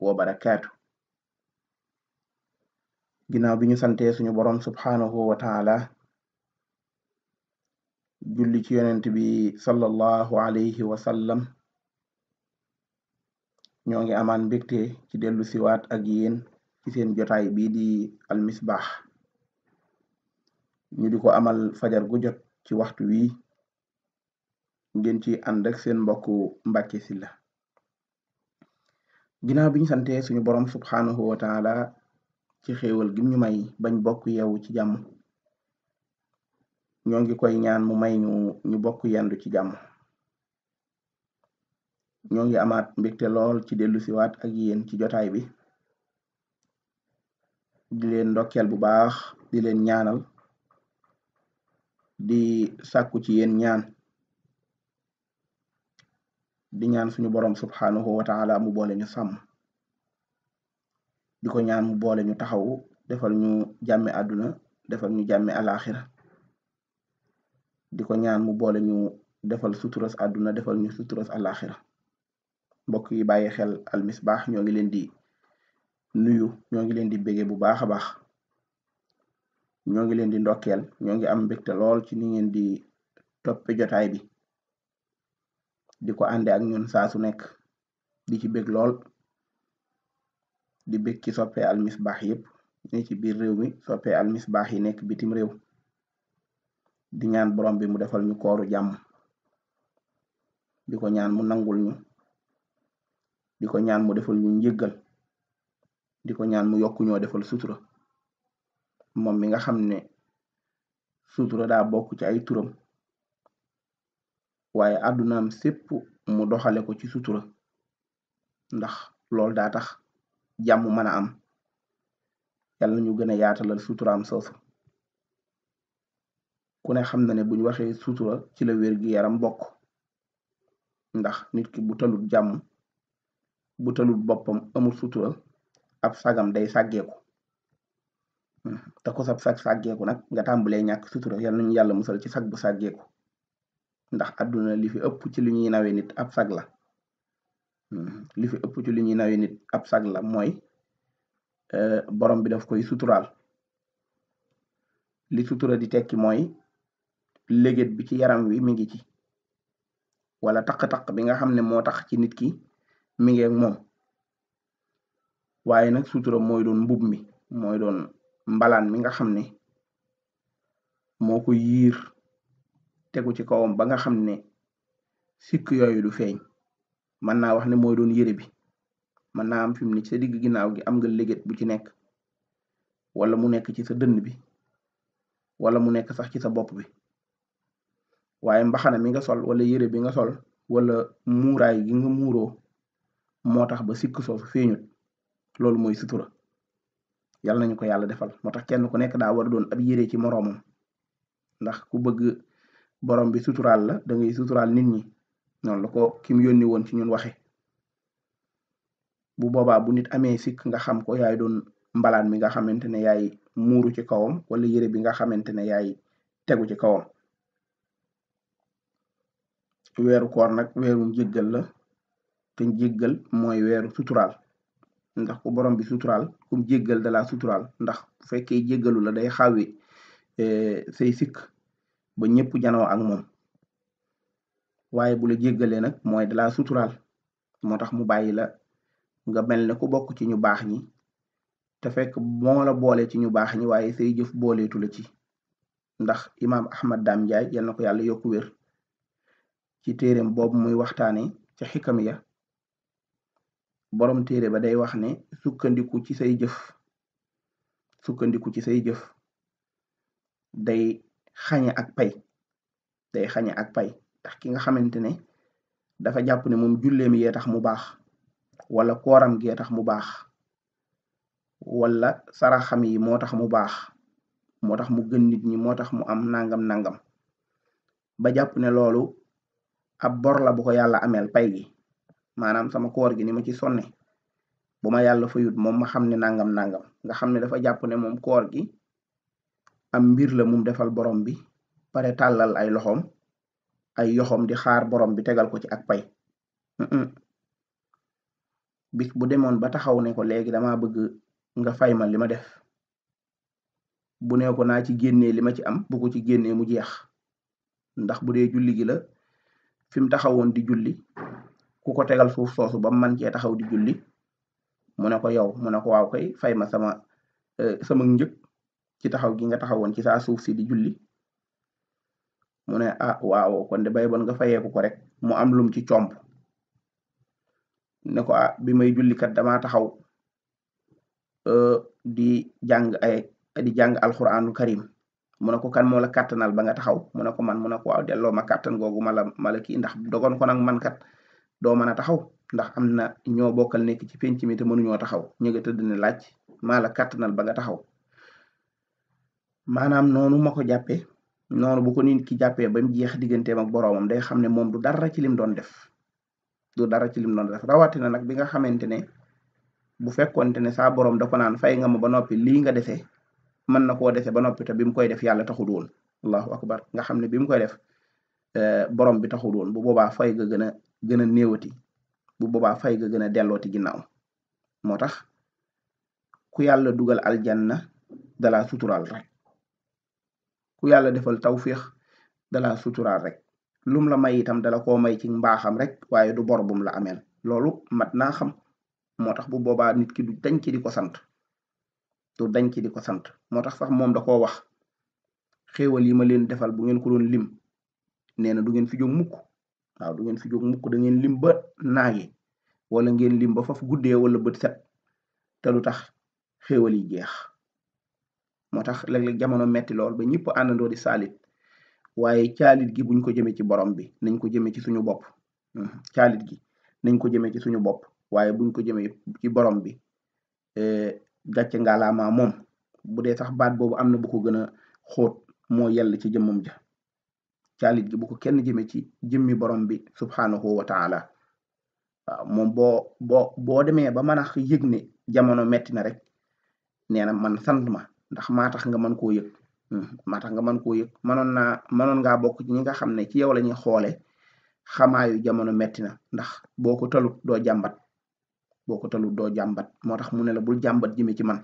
wa barakaatu ginaaw bi ñu santee suñu borom subhaanahu wa julli ci yonent bi sallallahu alayhi wa sallam ñoo ngi amaan mbégte ci dellu siwaat ak yéen ci seen jotaay bii di almisbaax ñu di ko amal fajar jot ci waxtu wi ngeen ci ànd seen mbokku Mbàkke Sylla ginaaw bi ñu sante suñu borom subxaanahu wa taala ci xéewal gim ñu may bañ bokk yewu ci jàmm ñoo ngi koy ñaan mu may ñu ñu bokk yendu ci jàmm ñoo ngi amaat mbégte lool ci dellusiwaat ak yéen ci jotaay bi di leen ndokkeel bu baax di leen ñaanal di sàkku ci yéen ñaan di ñaan suñu boroom subxanahu wa ta'ala mu boole ñu sàmm di ko ñaan mu boole ñu taxawu defal ñu jàmmi àdduna defal ñu jàmmi alaxira di ko ñaan mu boole ñu defal suturas àdduna defal ñu suturas alaxira mbokk yi bàyyi xel almisbaax ñoo ngi leen di nuyu ñoo ngi leen di bége bu baax a baax ñoo ngi leen di ndokkeel ñoo ngi am mbégte lool ci ni ngeen di toppe jotaay bi. di ko ànde ak ñun saa su nekk di ci bég lool di bég ci soppe Al Misbah yépp ne ci biir réew mi soppe Al Misbah yi nekk biitim réew di ñaan borom bi mu defal ñu kooru jàmm di ko ñaan mu nangul ñu di ko ñaan mu defal ñu njëggal di ko ñaan mu yokk ñoo defal sutura moom mi nga xam ne sutura daa bokk ci ay turam waaye àddunaam sépp mu doxale ko ci sutura ndax lool daa tax jàmm mën a am yàlla ñu gën a yaatalal suturaam soosu ku ne xam na ne buñ waxee sutura ci la wér gi yaram bokk ndax nit ki bu talut jàmm bu talut boppam amul sutura ab sagam day sàggeeku hmm, te ko sab sag sàggeeku nag nga tàmbalee ñàkk sutura yàlla nañu yàlla musal ci sag bu sàggeeku ndax àdduna li fi ëpp ci lu ñuy nawe nit ab sag la hmm. li fi ëpp ci lu ñuy nawe nit ab sag la mooy euh, borom bi daf koy suturaal li sutura di tekki mooy légét bi ci yaram wi mi ngi ci wala taq-taq bi nga xam ne moo tax ci nit ki mi ngi ak moom waaye nag sutura mooy doon mbub mi mooy doon mbalaan mi nga xam ne moo ko yiir tegu ci kawam ba nga xam ne sikk yooyu du feeñ mën naa wax ne mooy doon yére bi mën naa am fi mu ne ci sa digg ginnaaw gi am nga léget bu ci nekk wala mu nekk ci sa dënn bi wala mu nekk sax ci sa bopp bi waaye mbaxana mi nga sol wala yére bi nga sol walla muuraay gi nga muuroo moo tax ba sikk soosu feeñut loolu mooy sutura yàlla nañu ko yàlla defal moo tax kenn ku nekk daa war a doon ab yére ci moroomam ndax ku bëgg borom bi suturaal la da ngay suturaal nit ñi noonu la ko kim yónni woon ci ñun waxe bu boobaa bu nit amee sikk nga xam ko yaay doon mbalaan mi nga xamante ne yaay muuru ci kawam wala yére bi nga xamante ne yaay tegu ci kawam weeru koor nag weeru jéggal la te jéggal mooy weeru suturaal ndax ku borom bi suturaal kum jéggal dalaa suturaal ndax bu fekkee jéggalu la day xawi eh, sey sikk ba ñëpp janoo ak moom waaye bu la jéggalee nag mooy dalaa suturaal moo tax mu bàyyi la nga mel ne ku bokk ci ñu baax ñi te fekk moo la boole ci ñu baax ñi waaye say jëf booleetu la ci ndax imaam Ahmad Dame Ndiaye yal ko yàlla yokku wér ci téereem boobu muy waxtaane ca xikam ya boroom téere ba day wax ne sukkandiku ci say jëf sukkandiku ci say jëf day xañe ak pay day xañe ak pay ndax ki nga xamante ne dafa jàpp ne moom julleem yee tax mu baax wala kooram gee tax mu baax wala saraxam yi moo tax mu baax moo tax mu gën nit ñi moo tax mu am nangam nangam ba jàpp ne loolu ab bor la bu ko yàlla ameel pay gi maanaam sama koor gi ni ma ci sonne bu ma yàlla fayut moom ma xam ne nangam nangam nga xam ne dafa jàpp ne moom koor gi am mbir la mum defal borom bi pare tàllal ay loxoom ay yoxoom di xaar borom bi tegal ko ci ak pay bis bu demoon ba taxaw ne ko léegi dama bëgg nga fay ma li ma def bu ne ko naa ci génnee li ma ci am bu ko ci génnee mu jeex ndax bu dee julli gi la fi mu taxawoon di julli ku ko tegal suuf soosu ba man cee taxaw di julli mu ne ko yow mu ne ko fay ma sama eh, sama njëg ci taxaw gi nga taxawoon ci saa suuf si di julli mu ne ah waaw kon de bay bon nga fayeeku ko rek mu am lum ci comp ne ko ah bi may jullikat damaa taxaw euh, di jàng ay di jàng alxuraanul karim mu ne ko kan moo la kàttanal ba nga taxaw mu ne ko man mu ne ko waaw delloo ma kàttan googu ma la ma ndax dogon ko nag man kat doo mën a taxaw ndax am na ñoo bokkal nekk ci penc mi te mënuñoo taxaw ñu nga tëdd laaj maa la kàttanal ba nga taxaw maanaam noonu ma ko jàppee noonu bu ko nit ki jàppee ba mu jeex digganteem ak boroomam day xam ne moom du dara ci lim doon def du dara ci lim doon def rawatina nag bi nga xamante ne bu fekkonte ne saa borom da ko naan fay nga ma ba noppi lii nga defee mën na koo defee ba noppi te bi mu koy def yàlla taxul woon allahu akbar nga xam ne bi mu koy def eh, borom bi taxul woon bu boobaa fay ga gën a gën a néewati bu boobaa fay ga gën a dellooti ginnaaw moo tax ku yàlla dugal aljanna dala suturaal rek ku yàlla defal taw tawféex dala suturaal rek lum la may itam dala koo may ci mbaaxam rek waaye du bor bum la ameel loolu mat naa xam moo tax bu boobaa nit ki du dañ ci di ko sant du dañ ci di ko sant moo tax sax moom da koo wax xéewal yi ma leen defal bu ngeen ko doon lim nee na du ngeen fi jóg mukk waaw du ngeen fi jóg mukk da ngeen lim ba naagi wala ngeen lim ba faf guddee wala bët set te lu tax xéewal yi jeex moo tax léeg-léeg jamono metti lool ba ñëpp àndandoo di saalit waaye caalit gi buñ ko jëmee ci borom bi nañ ko jëmee ci suñu bopp hmm, caalit gi nañ ko jëmee ci suñu bopp waaye buñ ko jëmee ci borom bi eh, gàcce ngaalaamaa moom bu dee sax baat boobu am na bu ko gën a xóot moo yell ci jëmmam ja caalit gi bu kenn jëmee ci jëmmi borom bi subhaanahu wa taala waaw moom boo boo boo demee ba mën a yëg ne jamono metti rek nee na man sant ma ndax maa tax nga mën koo yëg hmm, maa nga mën ko yëg mënoon naa mënoon ngaa bokk ci ñi nga xam ne ci yow la ñuy xoole xamaayu jamono metti na ndax boo ko talut doo jàmbat boo ko talut doo jàmbat moo tax mu ne la bul jàmbat jëme ci man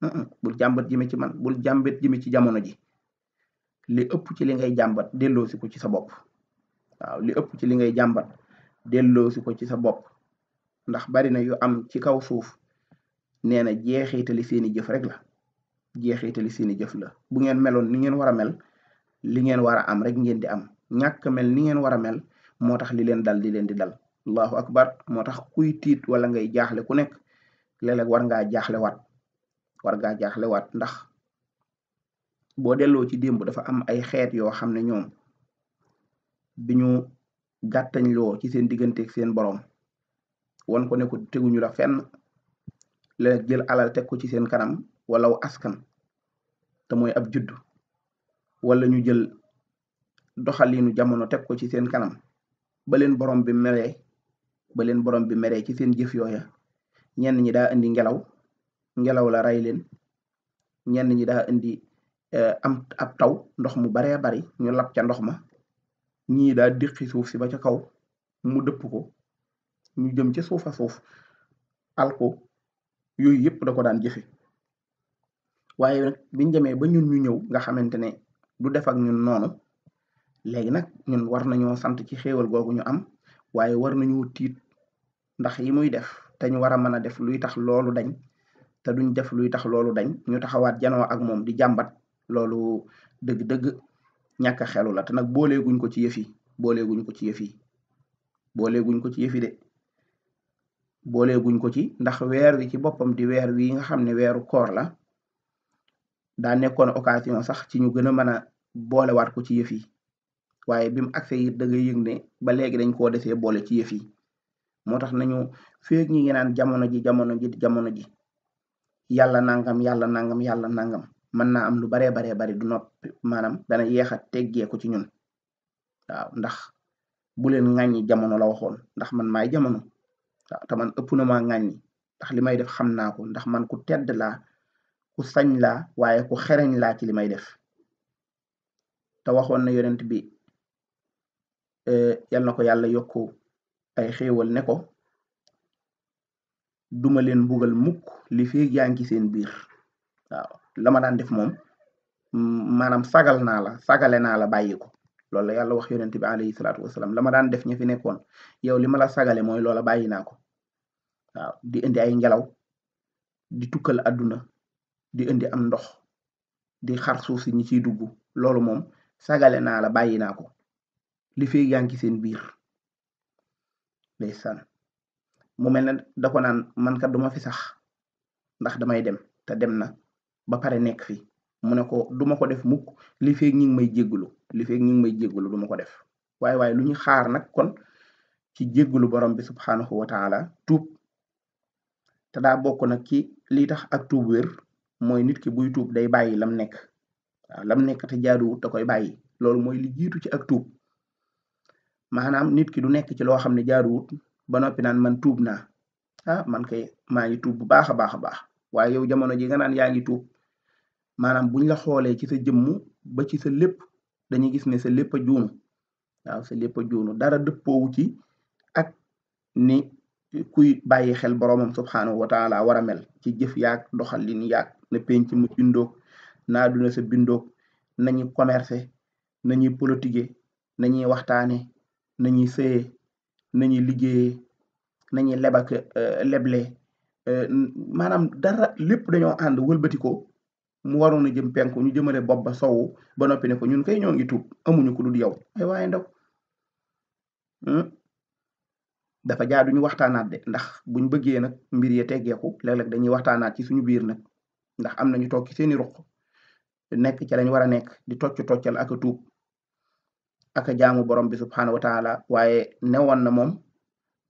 hmm, bul jàmbat jëme ci man bul jàmbat jëme ci jamono ji li ëpp ci li ngay jàmbat delloosi ko ci sa bopp waaw li ëpp ci li ngay jàmbat delloosi ko ci sa bopp ndax bari na yu am ci kaw suuf nee na jeexitali seeni jëf rek la jeexitali seeni jëf la bu ngeen meloon ni ngeen war a mel li ngeen war a am rek ngeen di am ñàkk mel ni ngeen war a mel moo tax li leen dal di leen di dal allahu akbar moo tax kuy tiit wala ngay jaaxle ku nekk léeg war ngaa jaaxle waat war ngaa jaaxle waat ndax boo delloo ci démb dafa am ay xeet yoo xam ne ñoom bi ñu gàttañloo ci seen digganteeg seen borom won ko ne ko teguñu la fenn léeg jël alal teg ko ci seen kanam walaw askan te mooy ab juddu wala ñu jël doxalinu jamono teg ko ci seen kanam ba leen borom bi meree ba borom bi meree ci seen jëf yooya ñenn ñi daa indi ngelaw ngelaw la rey leen ñenn ñi daa indi eh, am ab taw ndox mu baree bari ñu lab ca ndox ma ñii daa diqi suuf si ba ca kaw mu dëpp ko ñu jëm ca suufa suuf alko yooyu yëpp da ko daan jëfe waaye nag biñ demee ba ñun ñu ñëw nga xamante ne du def ak ñun noonu léegi nag ñun war nañoo sant ci xéewal googu ñu am waaye war nañu tiit ndax yi muy def te ñu war a mën a def luy tax loolu dañ te duñ def luy tax loolu dañ ñu taxawaat janoo ak moom di jàmbat loolu dëgg-dëgg ñàkk xelu la te nag booleeguñ ko ci yëf yi booleeguñ ko ci yëf yi booleeguñ ko ci yëf yi de booleeguñ ko ci ndax weer wi ci boppam di weer wi nga xam ne weeru koor la daa nekkoon occasion sax ci ñu gën a mën a boolewaat ko ci yëf yi waaye bi mu agsee it ne ba léegi dañ koo defee boole ci yëf yi moo tax nañu feeg ñi ngi naan jamono ji jamono ji jamono ji yàlla nangam yàlla nangam yàlla nangam mën naa am lu baree baree bari du noppi maanaam dana yeex a teggee ko ci ñun waaw ndax bu leen ŋàññi jamono la waxoon ndax man maay jamono waaw man ëpp na maa ŋàññi ndax li may def xam naa ko ndax man ku tedd laa ku sañ laa waaye ku xereñ laa ci li may def te waxoon na yonent bi eh, yal na ko yàlla yokku ay xéewal ne ko duma leen mbugal mukk li fi yaa ngi seen biir waaw la ma daan def moom maanaam sagal naa la sagale naa la bàyyi ko loolu la wax yonent bi alayhi salaatu wasalaam la ma daan def ña fi nekkoon yow li ma la sagale mooy loola bàyyi naa ko di indi ay ngelaw di tukkal àdduna di indi am ndox di xar suuf si ñi ciy dugg loolu moom sagale naa la bàyyi naa ko li fi yaa ngi seen biir san mu mel ne da ko naan man kat duma fi sax ndax damay dem te dem na ba pare nekk fi mu ne ko duma ko def mukk li fi ñi ngi may jéggulu li fi ñi ngi may jéggulu duma ko def waaye waaye lu ñu xaar nag kon ki jéggulu borom bi subhanahu wa taala tuub te daa bokk nag ci lii tax ak tuub wér mooy nit ki buy tuub day bàyyi lam nekk waaw lam nekk te jaaduwut da koy bàyyi loolu mooy li jiitu ci ak tuub maanaam nit ki du nekk ci loo xam ne jaaduwut ba noppi naan man tuub naa ah man kay maa ngi tuub bu baax a baax a baax waaye yow jamono ji nga naan yaa ngi tuub maanaam buñ la xoolee ci sa jëmmu ba ci sa lépp dañuy gis ne sa lépp a juunu waaw sa lépp a juunu dara dëppoowu ci ak ni kuy bàyyi xel boroomam subxanahu wa taala war a mel ci jëf yaag doxalin yaag na penc mu bindoog na àdduna sa bindoog nañu commercé nañuy politiqué nañuy waxtaane nañuy sëye nañuy liggéeyee nañuy lebak euh, leble euh, maanaam dara lépp dañoo ànd wëlbati ko mu waroon a jëm penku ñu jëmale bopp ba sowu ba noppi ne ko ñun kay ñoo ngi tuub amuñu ko dul yow ay waaye ndaw dafa jaa duñu waxtaanaat de ndax buñ bëggee nag mbir ya teggeeku léeg-léeg dañuy waxtaanaat ci suñu biir nag ndax am na ñu toog ci seeni ruq nekk ci lañ war a nekk di tocc toccal ak a tuub ak a jaamu borom bi subxanahu wa taala waaye newoon na moom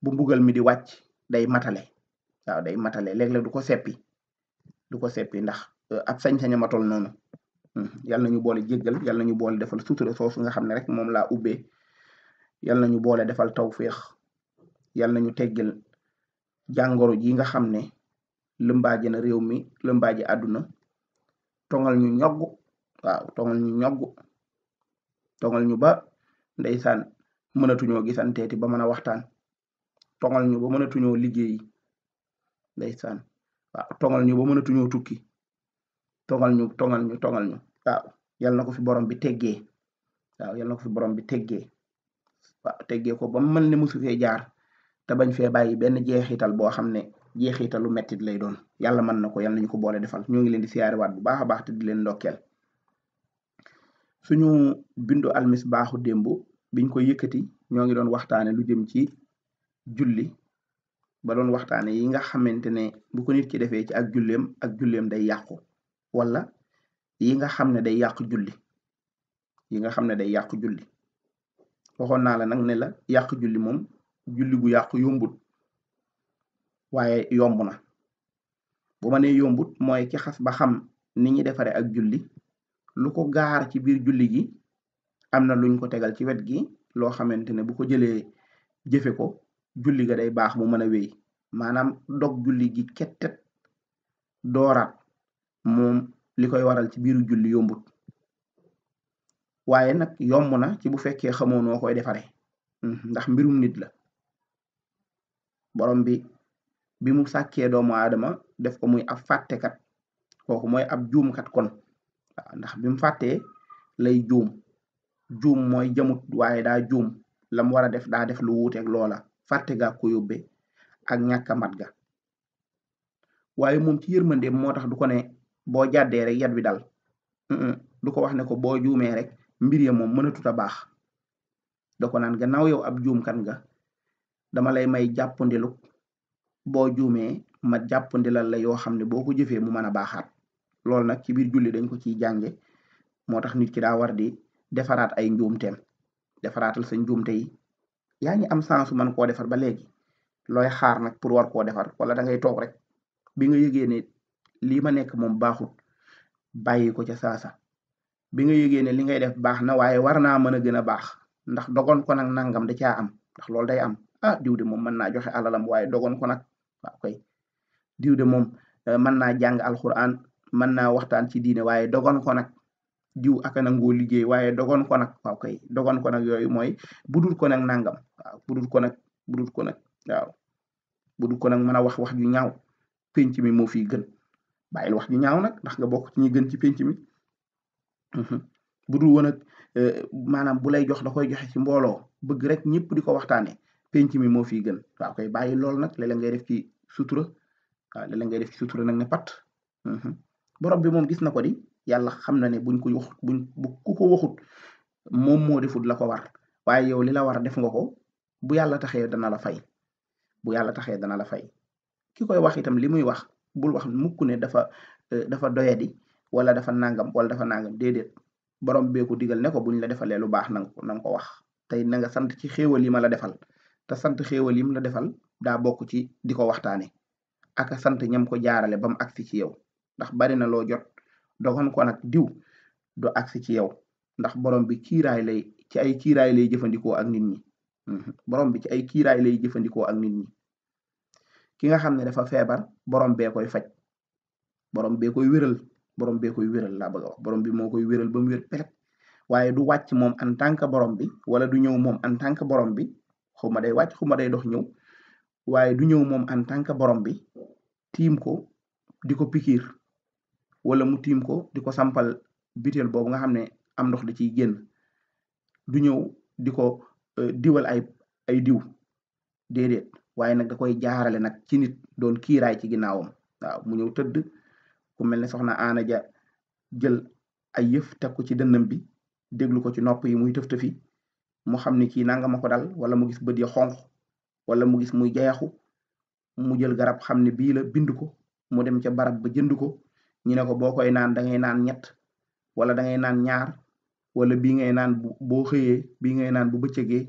bu mbugal mi di wàcc day matale waaw day matale léeg-léeg du ko seppi du ko seppi ndax euh, ab sañ-saña matol noonu hmm, yal na ñu boole jéggal yal na ñu boole defal sutura soosu nga xam ne rek moom laa ubbee yal na ñu boole defal tawféex yal na ñu teggal jàngoro ji nga xam ne. lëmbaaje na réew mi lëmbaaje àdduna tongal ñu ñogg waaw tongal ñu ñogg tongal ñu ba ndeysaan mënatuñoo gisanteeti ba mën a waxtaan tongal ñu ba mënatuñoo liggéey ndeysaan waaw tongal ñu ba mënatuñoo tukki tongal ñu tongal ñu tongal ñu waaw yal na ko fi borom bi teggee waaw yal na ko fi borom bi teggee waaw teggee ko ba mu mel ne musu fee jaar te bañ fee bàyyi benn jeexital boo xam ne jeexitalu metit lay doon yàlla mën na ko yàlla nañu ko boole defal ñoo ngi leen di siyaare waat baax a baax te di leen ndokkeel suñu bindu baaxu démb biñ koy yëkkati ñoo ngi doon waxtaane lu jëm ci julli ba doon waxtaane yi nga xamante ne bu ko nit ki defee ci ak julleem ak julleem day yàqu wala yi nga xam ne day yàq julli yi nga xam ne day yàq julli waxoon naa nag ne la yàq julli moom julli gu yàqu yombut waaye yomb na bo ma yombut mooy ki xas ba xam ni ñuy defare ak julli lu ko gaar ci biir julli gi am na luñ ko tegal ci wet gi loo xamante ne bu ko jëlee jëfe ko julli ga day baax mu mën a wéy maanaam dog julli gi kettet dooraat moom li koy waral ci biiru julli yombut waaye nag yomb na ci bu fekkee xamoo koy defare hmm, ndax mbirum nit la borom bi bi mu sàkkee doomu aadama def ko muy ab fàttekat kooku mooy ab juumkat kon waaw ndax bi mu fàttee lay juum juum mooy jamut waaye daa juum lam war a def daa def lu wuuteeg loola fàtte gaa ko yóbbe ak ñàkk a ga waaye moom ci yërmandeem moo tax du ko ne boo jàddee rek yat bi dal du ko wax ne ko boo juumee rek mbir ya moom mënatut a baax da ko naan gannaaw yow ab juumkat nga dama lay may jàppandilu boo juumee ma jàppandi lan la yoo xam ne boo ko jëfee mu mën a baaxaat loolu nag ci biir julli dañ ko ciy jànge moo tax nit ki daa war di defaraat ay njuumteem defaraatal sa njuumte yi yaa ngi am sens man koo defar ba léegi looy xaar nag pour war koo defar wala da ngay toog rek bi nga yëgee ne lii ma nekk moom baaxut bàyyi ko ca sa bi nga yëgee ne li ngay def baax na waaye war naa mën a gën a baax ndax dogon ko nag nangam da caa am ndax loolu day am a ah, diw de moom mën naa joxe alalam waaye dogon ko nag waaw koy diw de moom euh, mën naa jàng alxuraan mën naa waxtaan ci diine waaye dogon ko nag diw aka nangoo liggéey waaye dogon ko nag waaw koy dogon ko nag yooyu mooy budul ko nag nangam waaw budul ko nag budul ko nag waaw budul ko nag mën a wax wax ju ñaaw penc mi moo fi gën bàyyil wax ju ñaaw nag ndax nga bokk ci ñi gën ci penc mi mhm. budul woon ak euh, maanaam bu lay da koy joxe ci mbooloo bëgg rek ñëpp di ko waxtaane penc mi fi gën waaw koy bàyyi lool nag léeg-léeg ci sutura waaw léeg ngay def ci sutura nag ne pat mhm. borom bi moom gis na ko di yàlla xam na ne buñ ko wax buñ ku ko waxut moom moo defut la ko war waaye yow li la war def nga ko bu yàlla taxee dana la fay bu yàlla taxee dana la fay ki koy wax itam li muy wax bul wax mukk ne dafa eh, dafa doyadi wala dafa nangam wala dafa nangam déedéet borom bee digal ne ko buñ la defalee lu baax na nga ko na ko wax tey nanga sant ci xéewal yi ma la defal te sant xéewal yi mu la defal daa bokk ci di ko waxtaane aka sant ñam ko jaarale ba mu agsi ci yow ndax bari na loo jot dogon ko nag diw do agsi ci yow ndax borom bi kiiraay lay ci ay kiiraay lay jëfandikoo ak nit ñi mhm. borom bi ci ay kiiraay lay jëfandikoo ak nit ñi ki nga xam ne dafa feebar borom bee koy faj borom bee koy wéral borom bee koy wéral laa bëgg a borom bi moo koy wéral ba mu wér pelet waaye du wàcc moom en tant que borom bi wala du ñëw moom en tant que borom bi xaw ma day wàcc xaw ma day dox ñëw waaye du ñëw moom en tant que borom bi tiim ko di ko pikiir wala mu tiim ko di ko sampal butéel boobu nga xam ne am ndox da ciy génn du ñëw di ko euh, diwal ay ay diw déedéet waaye nag da koy jaarale nag ci nit doon kiiraay ci ginnaawam waaw mu ñëw tëdd ku mel ne soxna Aana ja jël ay yëf teg ko ci dënnam bi déglu ko ci nopp yi muy tëf-tëfi mu xam ne kii nanga ma ko dal wala mu gis bët ya xonq wala mu gis muy jayaxu mu jël garab xam ne bii la bind ko mu dem ca barab ba jënd ko ñu ne ko boo koy naan da ngay naan ñett wala da ngay naan ñaar wala bii ngay naan bu boo xëyee bii ngay naan bu bëccëgee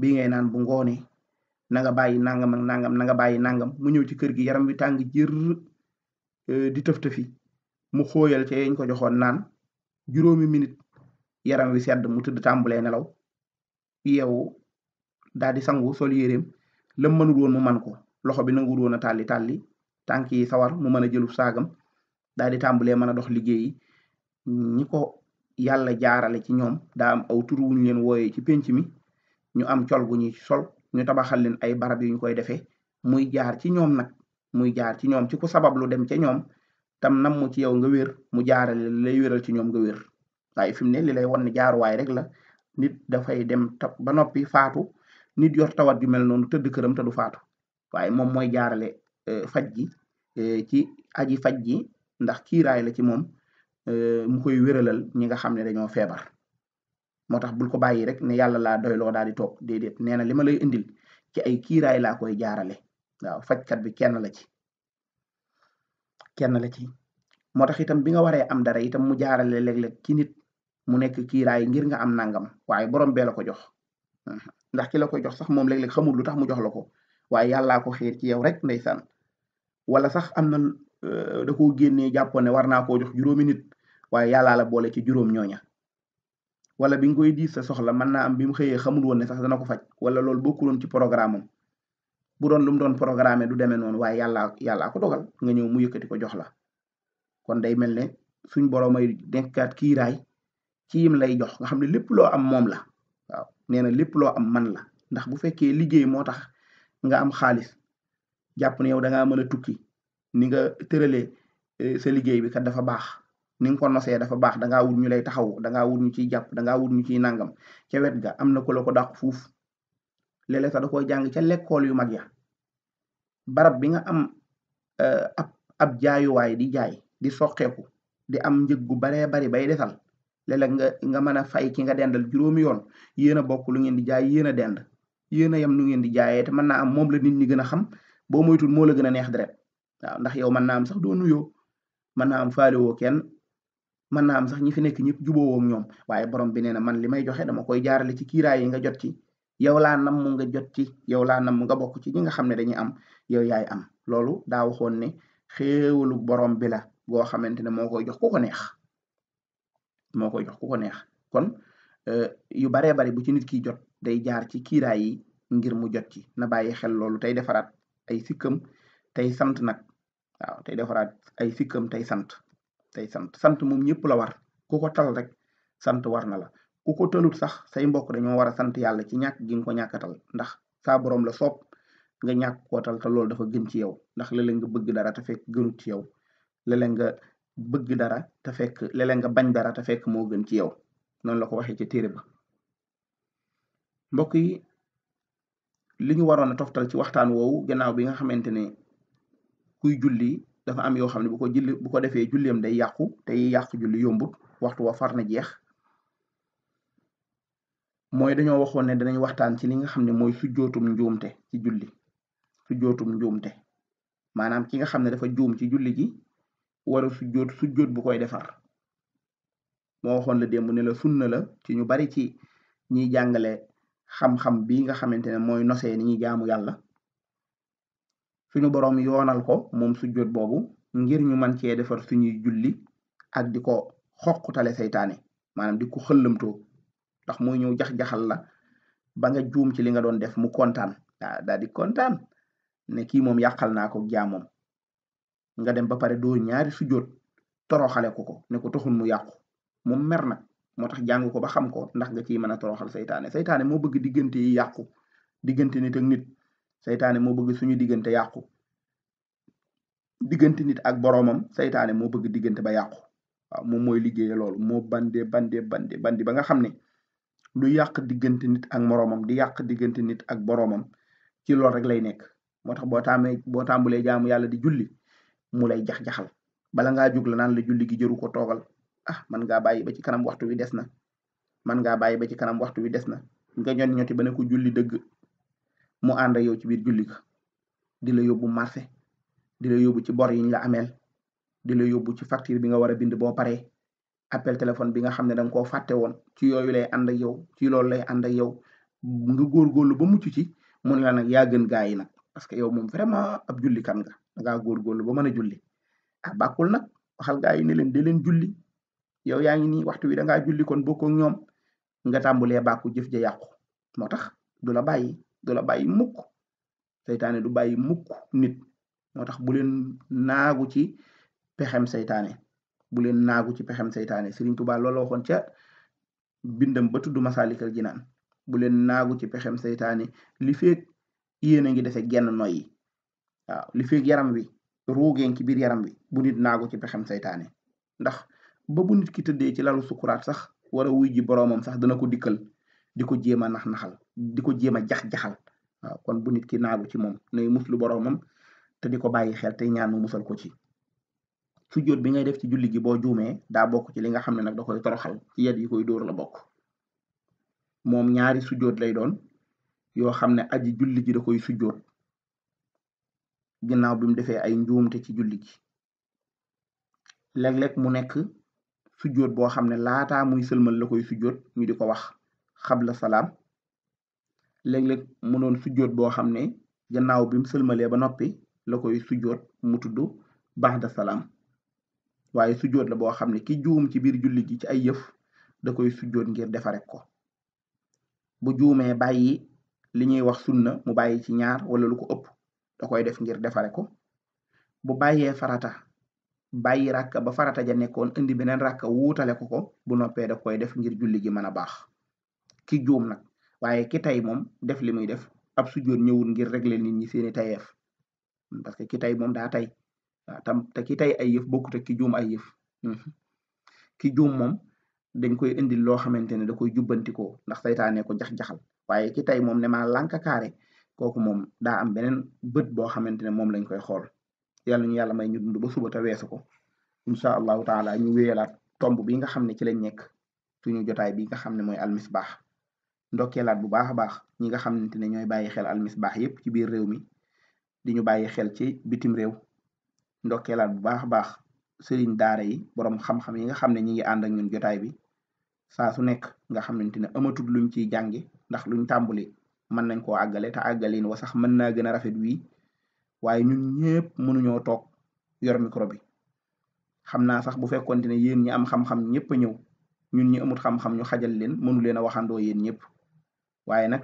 bii ngay naan bu ngoonee na nga bàyyi nangam nangam na nga bàyyi nangam mu ñëw ci kër gi yaram wi tàng jër euh, di tëf-tëfi mu xooyal ca yeñ ko joxoon naan juróomi minit yaram wi sedd mu tëdd tàmbulee nelaw yeewu daal sangu sol yéreem la mënul mu man ko loxo bi nanguwul woon a tàlli tàlli tànk yi sawar mu mën a jëlu saagam daal di tàmbalee mën a dox liggéey ñi ko yàlla jaarale ci ñoom daa am aw tur wu leen wooyee ci pénc mi ñu am col gu ñuy sol ñu tabaxal leen ay barab yu ñu koy defee muy jaar ci ñoom nag muy jaar ci ñoom ci ku sabab lu dem ca ñoom tam nam mu ci yow nga wér mu jaarale lay wéral ci ñoom nga wér waaye fi mu ne li lay wan ne jaaruwaay rek la nit dafay dem ta ba noppi faatu nit yor tawat ju mel noonu tëdd këram te du faatu waaye moom mooy jaarale euh, faj gi euh, ci aji faj ji ndax kiiraay la ci moom euh, mu koy wéralal ñi nga xam ne dañoo feebar moo tax bul ko bàyyi rek ne yàlla laa doyloo daal di toog déedéet nee na li ma lay indil ci ay kiiraay laa koy jaarale waaw fajkat bi kenn la ci kenn la ci moo tax itam bi nga waree am dara itam mu jaarale léeg-léeg ci nit mu nekk kiiraay ngir nga am nangam waaye borom bee ko jox ndax ki la koy jox sax moom léeg-léeg xamul lu tax mu jox la ko waaye yàllaa ko xiir ci yow rek ndeysaan wala sax am na euh, da koo génnee jàppoon ne war naa koo jox juróomi nit waaye yàllaa la boole ci juróom ñooña wala bi nga koy diis sa soxla mën naa am bi mu xëyee xamul woon ne sax dana ko faj wala loolu bokkuloon ci programme am bu doon lu mu doon programme du demee noonu waaye yàllaa yàllaa ko dogal nga ñëw mu yëkkati ko jox la kon day mel ne suñ boroom ay nekkaat kiiraay ci yim lay jox nga xam ne lépp loo am moom la nee na lépp loo am man la ndax bu fekkee liggéey moo tax nga am xaalis jàpp ne yow danga ngaa mën a tukki ni nga tëralee sa liggéey bi kat dafa baax ni nga ko nosee dafa baax da ngaa ñu lay taxaw da ngaa wut ñu ciy jàpp da ñu ciy nangam ca wet ga am na ku la ko dàq fuuf léeg sa sax da koy jàng ca lekkool yu mag ya barab bi nga am e, ab ab jaayuwaay di jaay di soqeeku di am njëg gu baree bari bay desal léeg nga nga mën a fay ki nga dendal juróomi yoon yéen a bokk lu ngeen di jaay yéen a dend yéen a yem lu ngeen di jaayee te mën naa am moom la nit ñi gën a xam boo moytul moo la gën a neex deret ndax yow mën naa am sax doo nuyo mën naa am faalewoo kenn mën naa am sax ñi fi nekk ñëpp jubóowoo ak ñoom waaye borom bi nee na man li may joxe dama koy jaarale ci kiiraay yi nga jot ci yow laa nam mu nga jot ci yow laa nam mu nga bokk ci ñi nga xam ne dañuy am yow yaay am loolu daa waxoon ne xéewalu borom bi la boo xamante ne moo koy jox ko neex moo koy jox ku ko neex kon euh, yu baree bari bu ci nit ki jot day jaar ci kiiraay yi ngir mu jot ci na bàyyi xel loolu tey defaraat ay sikkam tey sant nag waaw tey defaraat ay sikkam tey sant tey sant sant moom ñëpp la war ku ko tal rek sant war na la ku ko talut sax say mbokk dañoo war a sant yàlla ci ñàkk gin nga ko ñàkkatal ndax saa borom la soob nga ñàkk koo tal te loolu dafa gën ci yow ndax léeg-léeg bëgg dara te fekk gënut ci yow léeg bëgg dara ta fekk léeg nga bañ dara ta fekk moo gën ci yow noonu la ko waxee ci téere ba mbokk yi li ñu waroon a toftal ci waxtaan woowu gannaaw bi nga xamante ne kuy julli dafa am yoo xam ne bu ko julli bu ko defee julliyam day yàqu te yi yàqu julli yombut waxtu wa far na jeex mooy dañoo waxoon ne danañ waxtaan ci li nga xam ne mooy sujjootum njuumte ci julli sujjootum njuumte maanaam ki nga xam ne dafa juum ci julli ji war a sujjóot sujjóot bu koy defar moo waxoon la démb ne la sunna la ci ñu bari ci ñiy jàngale xam-xam bi nga xamante ne mooy nosee ni ñuy jaamu yàlla suñu boroom yoonal ko moom sujjóot boobu ngir ñu man cee defar suñuy julli ak di ko xoqutale saytaane maanaam di ko xëllamtoo ndax muy ñëw jax-jaxal la ba nga juum ci li nga doon def mu kontaan daa kontaan ne kii moom yàqal naa ko jaamoom nga dem ba pare doo ñaari sujjóot toroxale ko ko ne ko taxul mu yàqu moom mer nag moo tax jàng ko ba xam ko ndax nga ciy mën a toroxal saytaane saytaane moo bëgg diggante yi diggante nit ak nit saytaane moo bëgg suñu diggante yàqu diggante nit ak boroomam saytaane moo bëgg diggante ba yàqu waaw moom mooy liggéeye loolu moo bande bande bande bandi ba nga xam ne lu yàq diggante nit ak moroomam di yàq diggante nit ak boroomam ci loolu rek lay nekk moo tax boo taamee boo tàmbulee jaamu yàlla di julli mu lay jax-jaxal bala ngaa jug la naan la julli gi jëru ko toogal ah man ngaa bàyyi ba ci kanam waxtu wi des na man ngaa bàyyi ba ci kanam waxtu wi des na nga ñot ñoti ba ko julli dëgg mu ànd yow ci biir julli ga di la yóbbu marché di la yóbbu ci bor yiñ la ameel di la yóbbu ci facture bi nga war a bind boo pare appel téléphone bi nga xam ne danga ko fàtte woon ci yooyu lay ànd ak yow ci loolu lay ànd ak yow nga góorgóorlu ba mucc ci mun la nag yaa gën gaa yi nag parce que yow moom vraiment ab jullikat nga dangaa góorgóorlu ba mën a julli ah bàkkul nag waxal gaa yi ne leen di leen juli yow yaa ngi nii waxtu wi dangaa julli kon bokkoo ñoom nga tàmbulee bàkku jëf ja yàqu moo tax du la bàyyi du la bàyyi mukk du bàyyi mukk nit moo tax bu leen naagu ci pexem seytaane bu leen naagu ci pexem seytaane Sëriñ Tuubaa loola waxoon ca bindam ba tudd Masaalikal Jinaan bu leen naagu ci pexem seytaane li feek yéen a ngi dese genn noyyi waaw fi yaram wi ruugeen ci biir yaram wi bu nit naagu ci pexem seytaane ndax ba bu ki tëddee ci lalu sukuraat sax wala wuy ji boroomam sax dana ko dikkal di ko jéem a nax-naxal di ko jéem a jax-jaxal waaw kon bu nit ki naagu ci moom nay muslu boroomam te di ko bàyyi xel tey ñaan mu musal ko ci sujjóot bi ngay def ci julli gi boo juumee daa bokk ci li nga xam ne nag da koy toroxal ci yat yi koy dóor la bokk moom ñaari sujjóot lay doon yoo xam ne aji julli ji da koy sujjóot ginnaaw bi defee ay njuumte ci julli gi léeg-léeg mu nekk sujjóot boo xam ne laataa muy sëlmal la koy sujjóot ñu di ko wax xabla salaam léeg-léeg mu noon sujjóot boo xam ne gannaaw bi mu ba noppi la koy sujjóot mu tudd ba'da salaam waaye sujjóot la boo xam ne ki juum ci biir julli gi ci ay yëf da koy sujjóot ngir defare ko bu juumee bàyyi li ñuy wax sunna mu bàyyi ci ñaar wala lu ko ëpp da koy def ngir defare ko bu bàyyee farata bàyyi ràkka ba farata ja nekkoon indi beneen ràkka wuutale ko ko bu noppee da koy def ngir julli gi mën a baax ki juum nag waaye ki tey moom def li muy def ab sujjoot ñëwul ngir régler nit ñi seeni tayeef parce que ki tey moom daa tey waaw tam te ki tey ay yëf bokkut ak ki juum ay yëf mhm. ki juum moom dañ koy indil loo xamante ne da koy jubbantikoo ndax saytaane ko jax-jaxal waaye ki tey moom ne maa lànk kaare kooku moom daa am beneen bët boo xamante ne moom lañ koy xool yàlla ñu yàlla may ñu dund ba suba te weesu ko incha allahu taala ñu wéyalaat tomb bi nga xam ne ci lañ nekk ñu jotaay bi nga xam ne mooy almisbaax ndokkeelaat bu baax a baax ñi nga xamante ne ñooy bàyyi xel almisbaax yépp ci biir réew di ñu bàyyi xel ci bitim réew ndokkeelaat bu baax a baax sëriñ daara yi borom xam yi nga xam ne ñi ngi ànd ak ñun jotaay bi saa su nekk nga xamante ne amatul luñ ciy jànge ndax luñ tàmbali mën nañ koo ta te àggalin wa sax mën naa gën a rafet wii waaye ñun ñëpp mënuñoo toog yor micro bi xam naa sax bu fekkoonte ne yéen ñi am xam-xam ñëpp a ñëw ñun ñi amut xam ñu xajal leen mënu leen a waxandoo yéen ñëpp waaye nag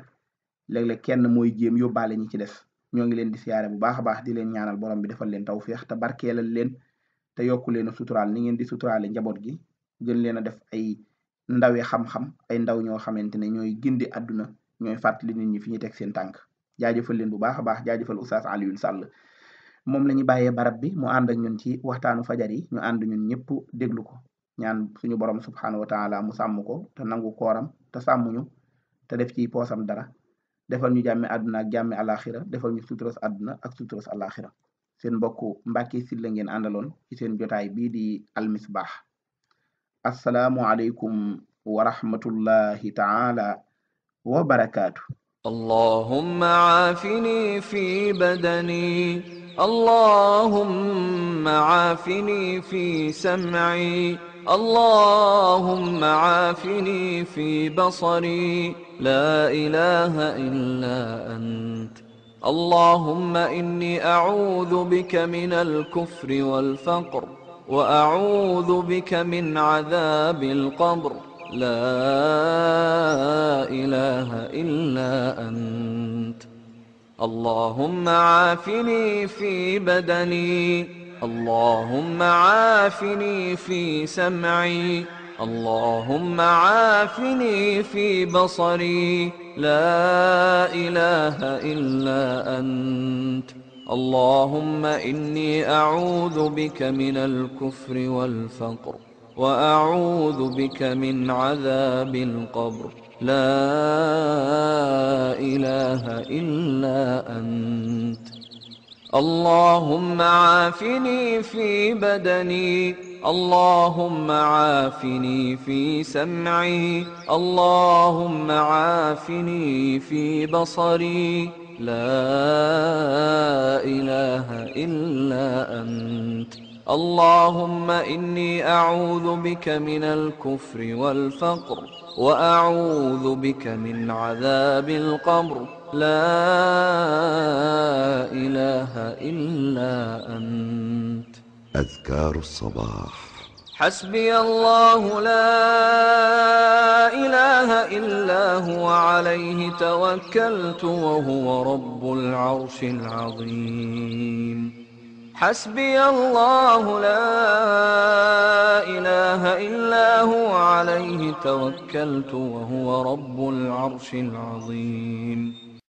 léeg lek kenn mooy jéem yóbbaale ñi ci des ñoo ngi leen di siyaare bu baax a baax di leen ñaanal borom bi defal leen tawféex te lal leen te yokku leen a suturaal ni ngeen di suturaale njaboot gi gën leen a def ay ndawe xam-xam ay ndaw ñoo xamante ne ñooy gindi àdduna ñooy fàttali nit ñi fi ñuy teg seen tànk jaajëfal leen bu baax a baax jaajëfal Oustaz Alioune Sall moom la ñu bàyyee barab bi mu ànd ak ñun ci waxtaanu fajar yi ñu ànd ñun ñëpp déglu ko ñaan suñu borom subhaanahu wa mu sàmm ko te nangu kooram te sàmm ñu te def ci poosam dara defal ñu jàmmi àdduna ak jàmmi alaxira defal ñu suturas àdduna ak suturas alaxira seen mbokk Mbacke Sylla ngeen àndaloon ci seen jotaay bii di baax asalaamualeykum wa rahmatullahi taala wa barakaatu. اللهم عافني في بدني اللهم عافني في سمعي اللهم عافني في بصري لا إله إلا أنت اللهم إني أعوذ بك من الكفر والفقر وأعوذ بك من عذاب القبر لا إله إلا أنت اللهم عافني في بدني اللهم عافني في سمعي اللهم عافني في بصري لا إله إلا أنت اللهم إني أعوذ بك من الكفر والفقر وأعوذ بك من عذاب القبر لا إله إلا أنت اللهم عافني في بدني اللهم عافني في سمعي اللهم عافني في بصري لا إله إلا أنت اللهم إني أعوذ بك من الكفر والفقر وأعوذ بك من عذاب القبر لا إله إلا أنت أذكار الصباح حسبي الله لا إله إلا هو عليه توكلت وهو رب العرش العظيم حسبي الله لا إله إلا هو عليه توكلت وهو رب العرش العظيم